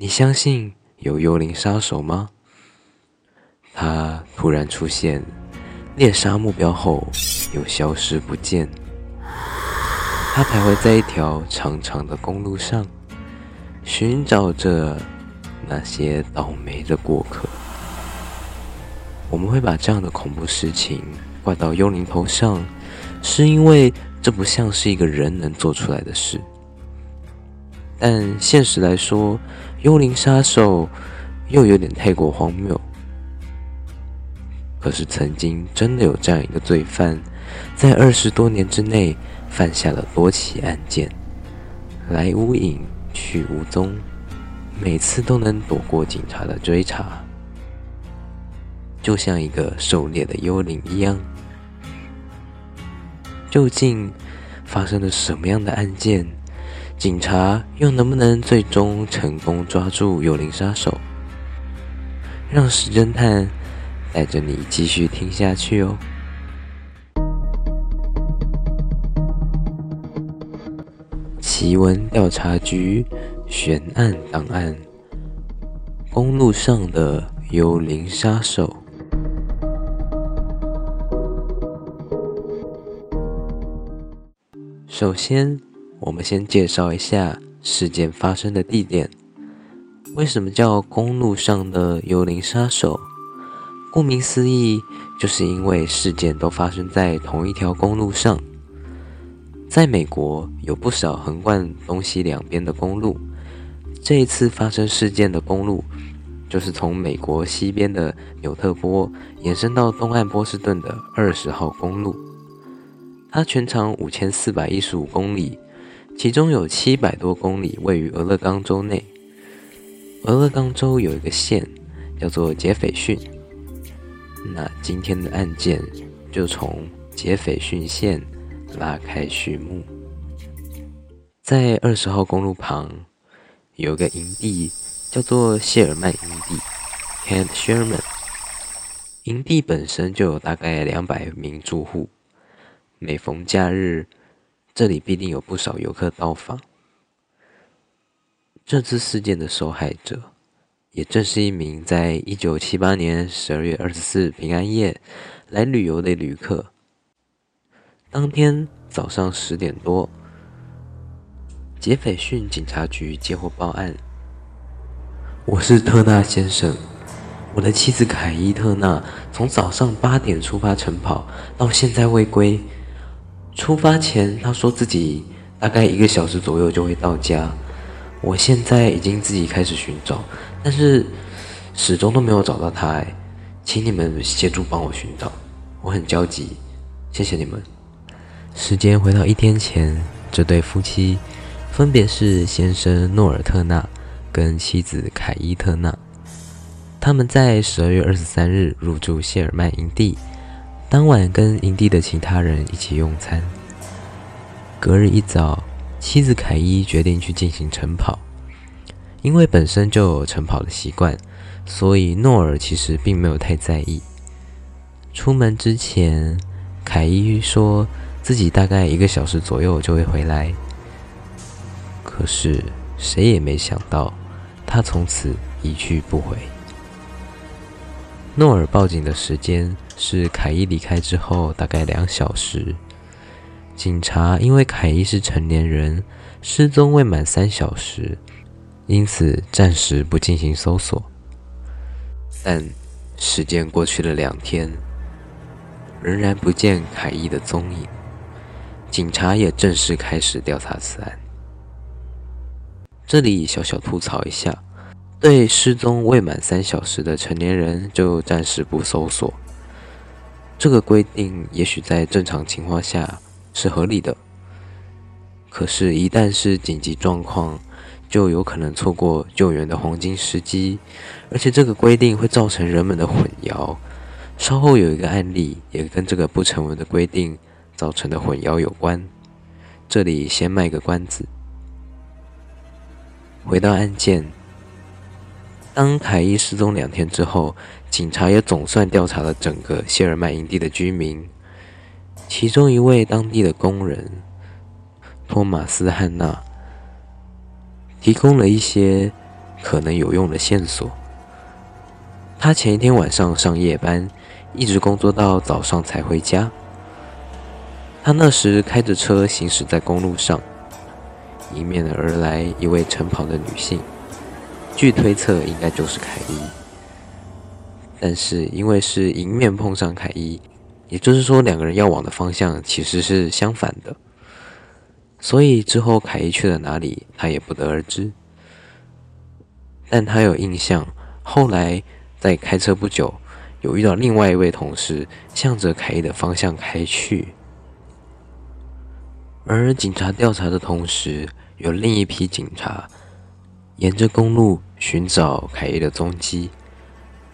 你相信有幽靈殺手嗎？他突然出現，獵殺目標後又消失不見。他徘徊在一條長長的公路上，尋找着那些倒霉的過客。我們會把這樣的恐怖事情怪到幽靈頭上，是因為這不像是一個人能做出來的事。但現實來說，幽靈殺手又有點太過荒謬，可是曾經真的有這樣一個罪犯，在二十多年之內犯下了多起案件，來無影去無蹤，每次都能躲過警察的追查，就像一個狩獵的幽靈一樣。究竟發生了什麼樣的案件？警察又能不能最終成功抓住幽靈殺手？讓時偵探帶着你繼續聽下去哦。奇聞調查局懸案檔案，公路上的幽靈殺手。首先，我們先介紹一下事件發生的地點。為什麼叫公路上的幽靈殺手？顧名思義，就是因為事件都發生在同一條公路上。在美國，有不少橫貫東西兩邊的公路。這一次發生事件的公路，就是從美國西邊的紐特波延伸到東岸波士頓的二十號公路。它全長五千四百一十五公里。其中有七百多公里位於俄勒岡州內，俄勒岡州有一個縣叫做傑斐遜。那今天的案件就從傑斐遜縣拉開序幕。在二十號公路旁有一個營地叫做謝爾曼營地 （Camp Sherman）。營地本身就有大概兩百名住戶，每逢假日，這裡必定有不少遊客到訪。這次事件的受害者，也正是一名在一九七八年十二月二十四日平安夜來旅遊的旅客。當天早上十點多，傑斐遜警察局接獲報案：“我是特納先生，我的妻子凱伊特納從早上八點出發晨跑，到現在未歸。”出發前，他說自己大概一個小時左右就會到家。我現在已經自己開始尋找，但是始終都沒有找到他，哎。請你們協助幫我尋找，我很焦急。謝謝你們。時間回到一天前，這對夫妻分別是先生諾爾特納跟妻子凱伊特納，他們在十二月二十三日入住謝爾曼營地。當晚跟營地的其他人一起用餐。隔日一早，妻子凱伊決定去進行晨跑，因為本身就有晨跑的習慣，所以諾爾其實並沒有太在意。出門之前，凱伊說自己大概一個小時左右就會回來。可是誰也沒想到，他從此一去不回。諾爾報警的時間是凱伊離開之後大概兩小時，警察因為凱伊是成年人，失蹤未滿三小時，因此暫時不進行搜索。但時間過去了兩天，仍然不見凱伊的蹤影，警察也正式開始調查此案。這裡小小吐槽一下。對失蹤未滿三小時的成年人，就暫時不搜索。這個規定也許在正常情況下是合理的，可是，一旦是緊急狀況，就有可能錯過救援的黃金時機。而且，這個規定會造成人們的混淆。稍後有一個案例，也跟這個不成文的規定造成的混淆有關。這裡先賣個關子。回到案件。當凱伊失蹤兩天之後，警察也總算調查了整個謝爾曼營地的居民。其中一位當地的工人，托馬斯·漢納，提供了一些可能有用的線索。他前一天晚上上夜班，一直工作到早上才回家。他那時開着車行駛在公路上，迎面而來一位晨跑的女性。據推測，應該就是凱伊。但是因為是迎面碰上凱伊，也就是說，兩個人要往的方向其實是相反的，所以之後凱伊去了哪裡，他也不得而知。但他有印象，後來在開車不久，有遇到另外一位同事，向着凱伊的方向開去。而警察調查的同時，有另一批警察沿着公路，尋找凱伊的蹤跡，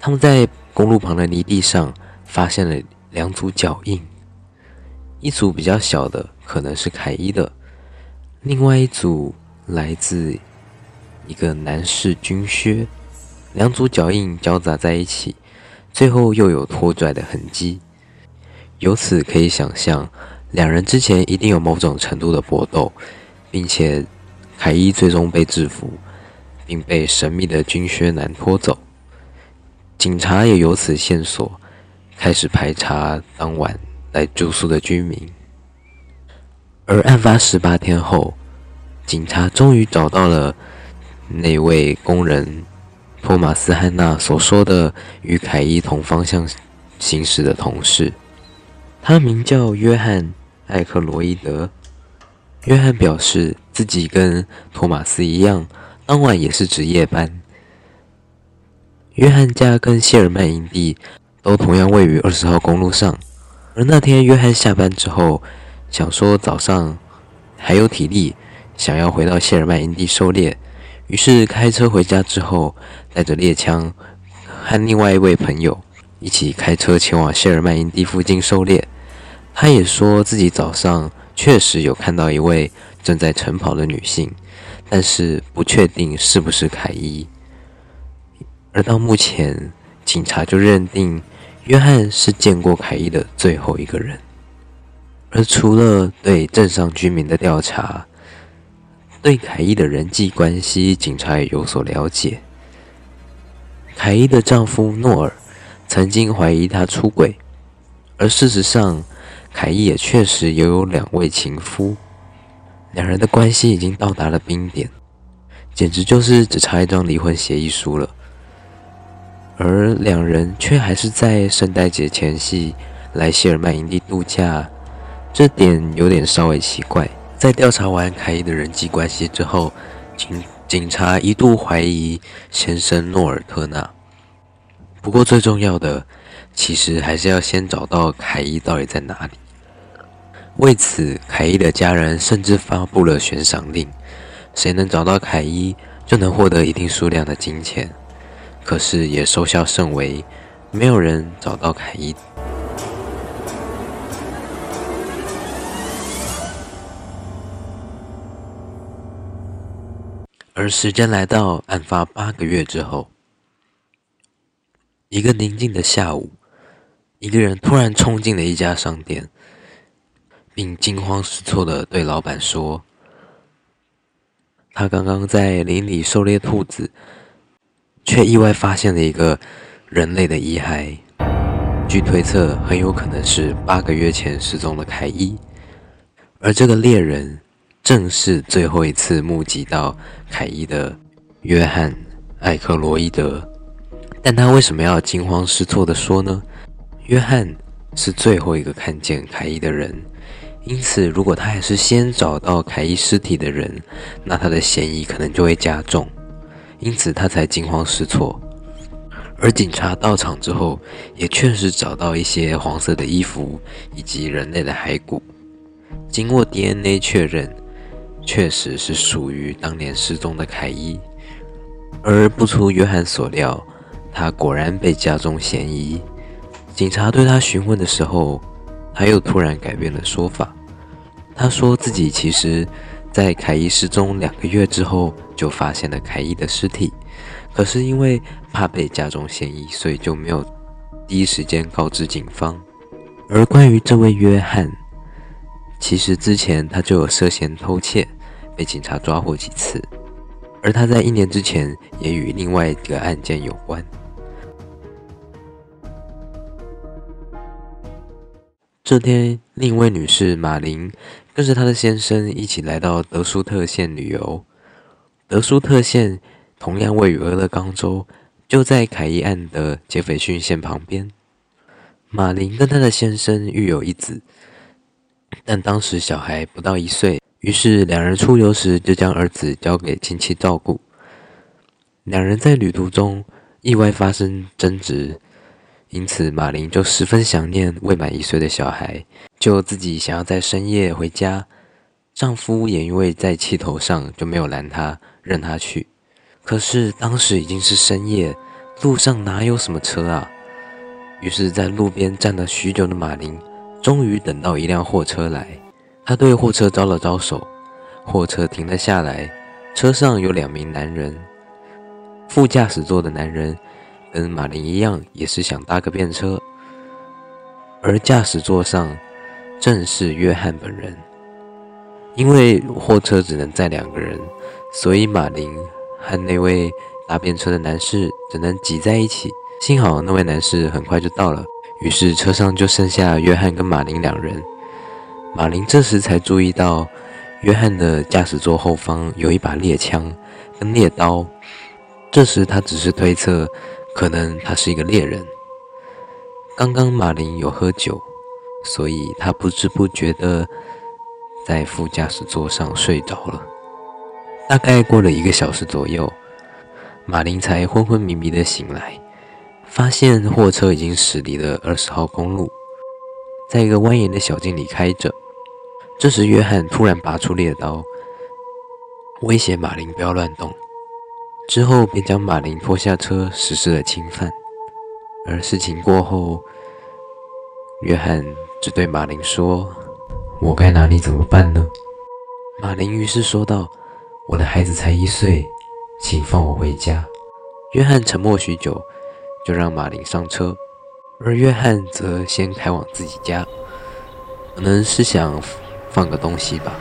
他們在公路旁的泥地上發現了兩組腳印，一組比較小的可能是凱伊的，另外一組來自一個男士軍靴，兩組腳印交雜在一起，最後又有拖拽的痕迹，由此可以想象，兩人之前一定有某種程度的搏鬥，並且凱伊最終被制服。並被神秘的軍靴男拖走，警察也由此線索開始排查當晚來住宿的居民。而案發十八天後，警察終於找到了那位工人托馬斯·漢納所說的與凱伊同方向行駛的同事，他名叫約翰·艾克羅伊德。約翰表示自己跟托馬斯一樣，當晚也是值夜班。約翰家跟謝爾曼營地都同樣位於20號公路上，而那天約翰下班之後，想說早上還有體力，想要回到謝爾曼營地狩獵，於是開車回家之後，帶着獵槍和另外一位朋友一起開車前往謝爾曼營地附近狩獵。他也說自己早上確實有看到一位正在晨跑的女性。但是不確定是不是凱伊，而到目前，警察，就認定約翰是見過凱伊的最後一個人。而除了對鎮上居民的調查，對凱伊的人際關係，警察也有所了解。凱伊的丈夫諾爾曾經懷疑她出軌，而事實上，凱伊也確實也有兩位情夫。兩人的關係已經到達了冰點，簡直就是只差一張離婚協議書了。而兩人卻還是在聖誕節前夕來謝爾曼營地度假，這點有點稍微奇怪。在調查完凱伊的人際關係之後，警警察一度懷疑先生諾爾特納。不過最重要的，其實還是要先找到凱伊到底在哪裡。為此，凱伊的家人甚至發佈了懸賞令，誰能找到凱伊，就能獲得一定數量的金錢。可是也收效甚微，沒有人找到凱伊。而時間來到案發八個月之後，一個寧靜的下午，一個人突然衝進了一家商店。並驚慌失措地對老闆說：“他剛剛在林裡狩獵兔子，卻意外發現了一個人類的遺骸。據推測，很有可能是八個月前失蹤的凱伊。而這個獵人正是最後一次目擊到凱伊的約翰艾克羅伊德。但他為什麼要驚慌失措地說呢？約翰是最後一個看見凱伊的人。”因此，如果他還是先找到凱伊屍體的人，那他的嫌疑可能就會加重，因此他才驚慌失措。而警察到場之後，也確實找到一些黃色的衣服以及人類的骸骨，經過 DNA 確認，確實是屬於當年失蹤的凱伊。而不出約翰所料，他果然被加重嫌疑。警察對他詢問的時候，他又突然改變了說法，他說自己其實，在凱伊失蹤兩個月之後就發現了凱伊的屍體，可是因為怕被加重嫌疑，所以就沒有第一時間告知警方。而關於這位約翰，其實之前他就有涉嫌偷竊，被警察抓獲幾次，而他在一年之前也與另外一個案件有關。這天，另一位女士馬林，跟着她的先生一起來到德舒特縣旅遊。德舒特縣同樣位於俄勒岡州，就在凱伊岸的傑斐遜縣旁邊。馬林跟她的先生育有一子，但當時小孩不到一歲，於是兩人出遊時就將兒子交給親戚照顧。兩人在旅途中意外發生爭執。因此，馬林就十分想念未滿一歲的小孩，就自己想要在深夜回家。丈夫也因為在氣頭上，就沒有攔她，任她去。可是當時已經是深夜，路上哪有什麼車啊？於是，在路邊站了許久的馬林，終於等到一輛貨車來。她對貨車招了招手，貨車停了下來，車上有兩名男人，副駕駛座的男人。跟馬林一樣，也是想搭個便車，而駕駛座上正是約翰本人。因為貨車只能載兩個人，所以馬林和那位搭便車的男士只能擠在一起。幸好那位男士很快就到了，於是車上就剩下約翰跟馬林兩人。馬林這時才注意到，約翰的駕駛座後方有一把獵槍跟獵刀。這時他只是推測。可能他是一個獵人。剛剛馬林有喝酒，所以他不知不覺的在副駕駛座上睡着了。大概過了一個小時左右，馬林才昏昏迷迷的醒來，發現貨車已經駛離了二十號公路，在一個蜿蜒的小徑裡開着。這時，約翰突然拔出獵刀，威脅馬林不要亂動。之後便將馬林拖下車，實施了侵犯。而事情過後，約翰只對馬林說：“我該拿你怎麼辦呢？”馬林於是說道：“我的孩子才一歲，請放我回家。”約翰沉默許久，就讓馬林上車，而約翰則先開往自己家，可能是想放個東西吧。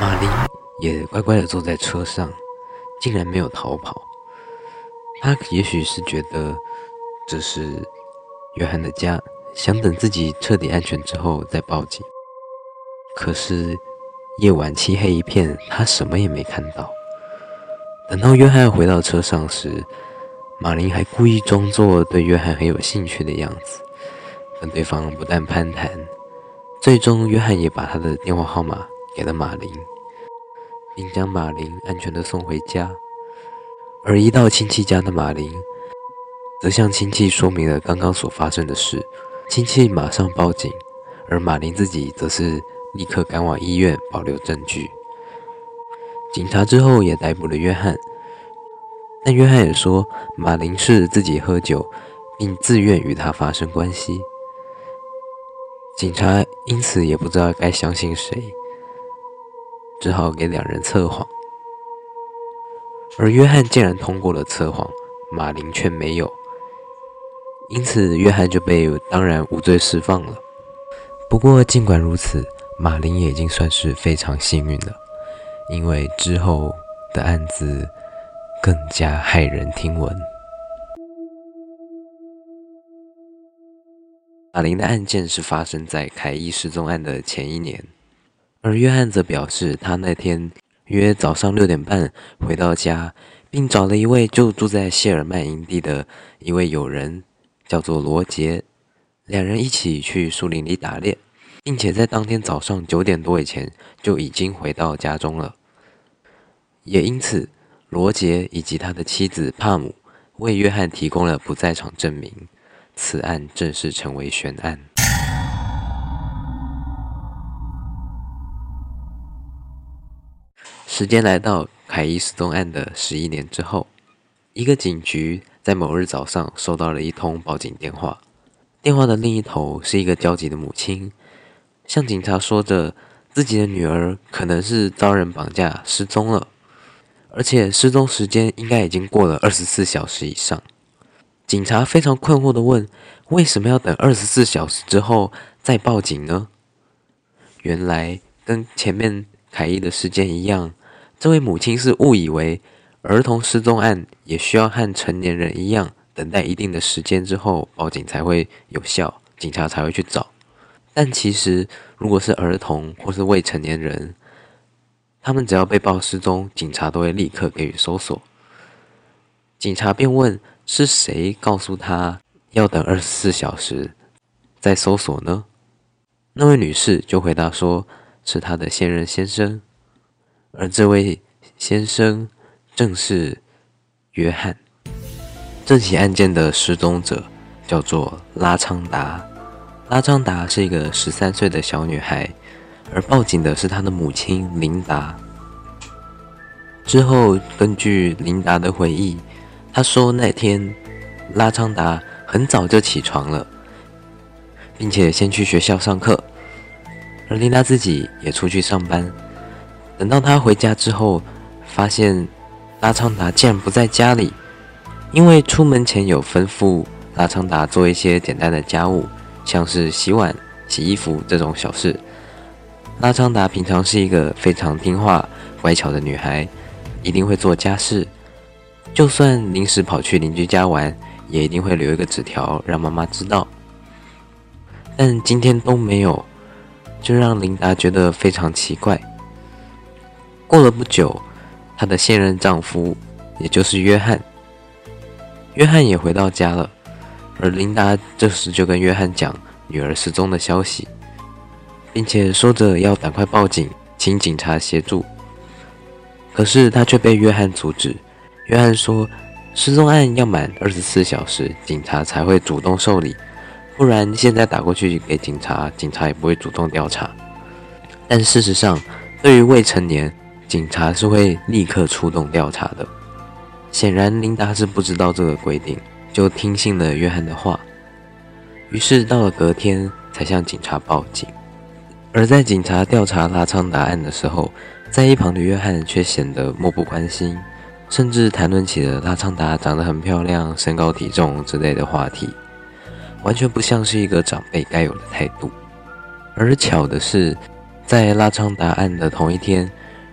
馬林也乖乖地坐在車上。竟然沒有逃跑，他也許是覺得這是約翰的家，想等自己徹底安全之後再報警。可是夜晚漆黑一片，他什麼也沒看到。等到約翰回到車上時，馬林還故意裝作對約翰很有興趣的樣子，跟對方不斷攀談。最終，約翰也把他的電話號碼給了馬林，並將馬林安全地送回家，而一到親戚家的馬林，則向親戚說明了剛剛所發生的事。親戚馬上報警，而馬林自己則是立刻趕往醫院保留證據。警察之後也逮捕了約翰，但約翰也說馬林是自己喝酒，並自願與他發生關係。警察因此也不知道該相信誰。只好給兩人測謊，而約翰竟然通過了測謊，馬林卻沒有，因此約翰就被當然無罪釋放了。不過，儘管如此，馬林也已經算是非常幸運了，因為之後的案子更加駭人聽聞。馬林的案件是發生在凱伊失蹤案的前一年。而約翰則表示，他那天約早上六點半回到家，並找了一位就住在謝爾曼營地的一位友人，叫做羅傑，兩人一起去樹林裡打獵，並且在當天早上九點多以前就已經回到家中了。也因此，羅傑以及他的妻子帕姆為約翰提供了不在場證明，此案正式成為懸案。時間來到凱伊失蹤案的十一年之後，一個警局在某日早上收到了一通報警電話，電話的另一頭是一個焦急的母親，向警察說着自己的女兒可能是遭人綁架失蹤了，而且失蹤時間應該已經過了二十四小時以上。警察非常困惑的問：“為什麼要等二十四小時之後再報警呢？”原來跟前面凱伊的事件一樣。這位母親是誤以為兒童失蹤案也需要和成年人一樣，等待一定的時間之後報警才會有效，警察才會去找。但其實，如果是兒童或是未成年人，他們只要被報失蹤，警察都會立刻給予搜索。警察便問：“是誰告訴她要等二十四小時再搜索呢？”那位女士就回答說：“是她的現任先生。”而這位先生正是約翰。這起案件的失蹤者叫做拉昌達。拉昌達是一個十三歲的小女孩，而報警的是她的母親琳達。之後，根據琳達的回憶，她說那天拉昌達很早就起床了，並且先去學校上課，而琳達自己也出去上班。等到她回家之後，發現拉昌達竟然不在家裡，因為出門前有吩咐拉昌達做一些簡單的家務，像是洗碗、洗衣服這種小事。拉昌達平常是一個非常聽話、乖巧的女孩，一定會做家事，就算臨時跑去鄰居家玩，也一定會留一個紙條讓媽媽知道。但今天都沒有，就讓琳達覺得非常奇怪。過了不久，她的現任丈夫，也就是約翰，約翰也回到家了。而琳達這時就跟約翰講女兒失蹤的消息，並且說着要趕快報警，請警察協助。可是她卻被約翰阻止。約翰說，失蹤案要滿24小時，警察才會主動受理，不然現在打過去給警察，警察也不會主動調查。但事實上，對於未成年，警察是會立刻出動調查的。顯然，琳達是不知道這個規定，就聽信了約翰的話。於是，到了隔天才向警察報警。而在警察調查拉昌達案的時候，在一旁的約翰卻顯得漠不關心，甚至談論起了拉昌達長得很漂亮、身高體重之類的話題，完全不像是一個長輩該有的態度。而巧的是，在拉昌達案的同一天，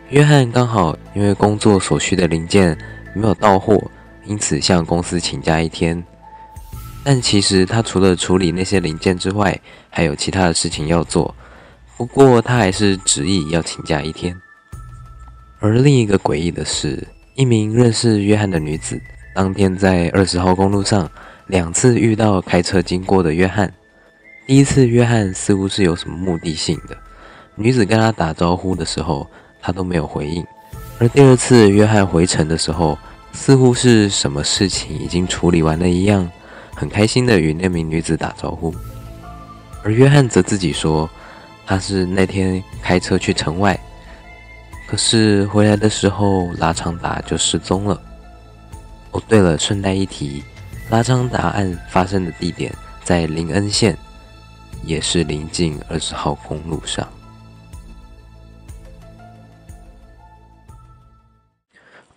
約翰剛好因為工作所需的零件沒有到貨，因此向公司請假一天。但其實他除了處理那些零件之外，還有其他的事情要做。不過他還是執意要請假一天。而另一個詭異的是，一名認識約翰的女子，當天在二十號公路上兩次遇到開車經過的約翰。第一次，約翰似乎是有什麼目的性的，女子跟他打招呼的時候，他都沒有回應，而第二次約翰回城的時候，似乎是什麼事情已經處理完了一樣，很開心地與那名女子打招呼。而約翰則自己說，他是那天開車去城外，可是回來的時候拉昌達就失蹤了。哦，對了，順帶一提，拉昌達案發生的地點在林恩縣，也是臨近二十號公路上。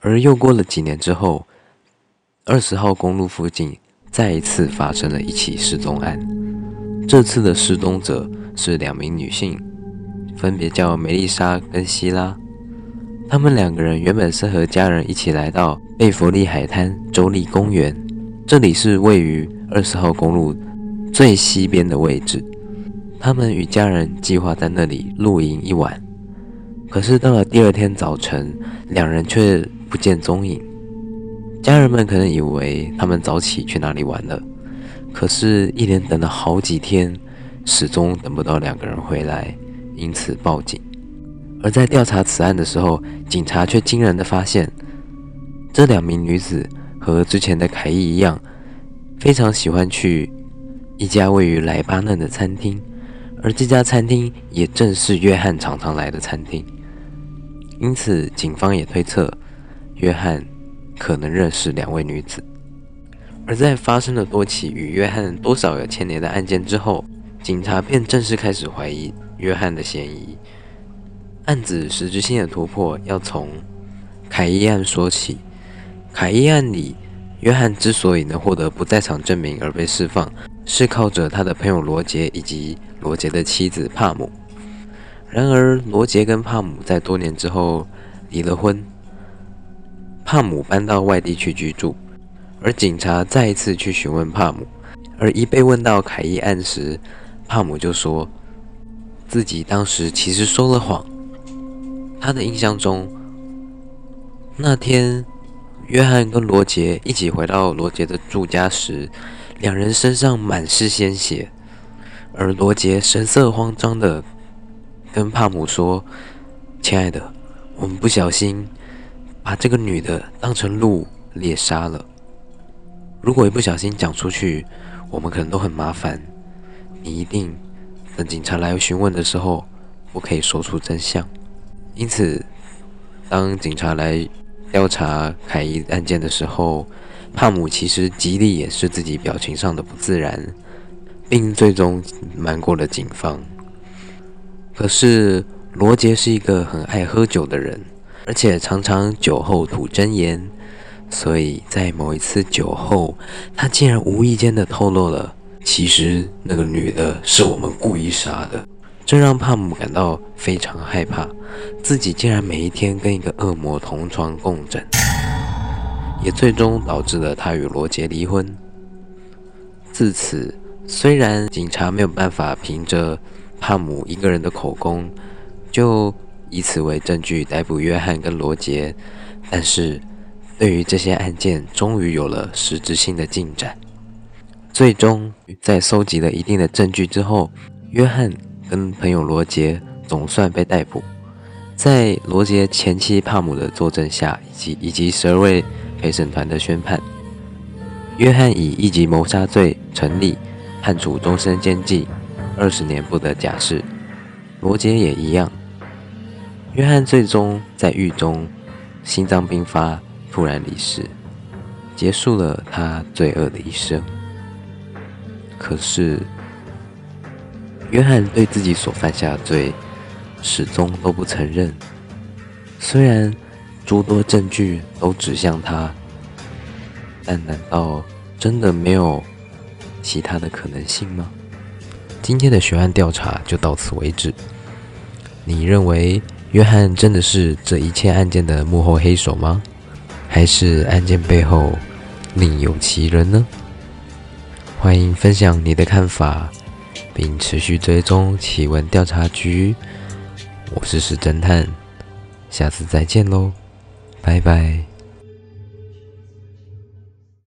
而又過了幾年之後，二十號公路附近再一次發生了一起失蹤案。這次的失蹤者是兩名女性，分別叫梅麗莎跟希拉。她們兩個人原本是和家人一起來到貝弗利海灘州立公園，這裡是位於二十號公路最西邊的位置。她們與家人計劃在那裡露營一晚，可是到了第二天早晨，兩人卻不見蹤影，家人們可能以為他們早起去哪裡玩了，可是，一連等了好幾天，始終等不到兩個人回來，因此報警。而在調查此案的時候，警察卻驚人的發現，這兩名女子和之前的凱伊一樣，非常喜歡去一家位於萊巴嫩的餐廳，而這家餐廳也正是約翰常常來的餐廳，因此，警方也推測，約翰可能認識兩位女子，而在發生了多起與約翰多少有牽連的案件之後，警察便正式開始懷疑約翰的嫌疑。案子實質性的突破要從凱伊案說起。凱伊案裡，約翰之所以能獲得不在場證明而被釋放，是靠着他的朋友羅杰以及羅杰的妻子帕姆。然而，羅杰跟帕姆在多年之後離了婚。帕姆搬到外地去居住，而警察再一次去詢問帕姆，而一被問到凱伊案時，帕姆就說自己當時其實說了謊。他的印象中，那天約翰跟羅杰一起回到羅杰的住家時，兩人身上滿是鮮血，而羅杰神色慌張地跟帕姆說：“親愛的，我們不小心。”把這個女的當成鹿獵殺了。如果一不小心講出去，我們可能都很麻煩。你一定等警察來詢問的時候，我可以說出真相。因此，當警察來調查凱伊案件的時候，帕姆其實極力掩飾自己表情上的不自然，並最終瞞過了警方。可是，羅杰是一個很愛喝酒的人。而且常常酒後吐真言，所以在某一次酒後，他竟然無意間的透露了，其實那個女的是我們故意殺的，這讓帕姆感到非常害怕，自己竟然每一天跟一個惡魔同床共枕，也最終導致了他與羅傑離婚。自此，雖然警察沒有辦法憑着帕姆一個人的口供，就。以此為證據逮捕約翰跟羅傑，但是，對於這些案件終於有了實質性的進展。最終，在蒐集了一定的證據之後，約翰跟朋友羅傑總算被逮捕。在羅傑前妻帕姆的作證下，以及以及十二位陪審團的宣判，約翰以一級謀殺罪成立，判處終身監禁，二十年不得假釋。羅傑也一樣。約翰最終在獄中心臟病發，突然離世，結束了他罪惡的一生。可是，約翰對自己所犯下的罪，始終都不承認。雖然諸多證據都指向他，但難道真的沒有其他的可能性嗎？今天的懸案調查就到此為止。你認為？約翰真的是這一切案件的幕後黑手嗎？還是案件背後另有其人呢？歡迎分享你的看法，並持續追蹤《奇聞調查局》。我是石偵探，下次再見嘍，拜拜。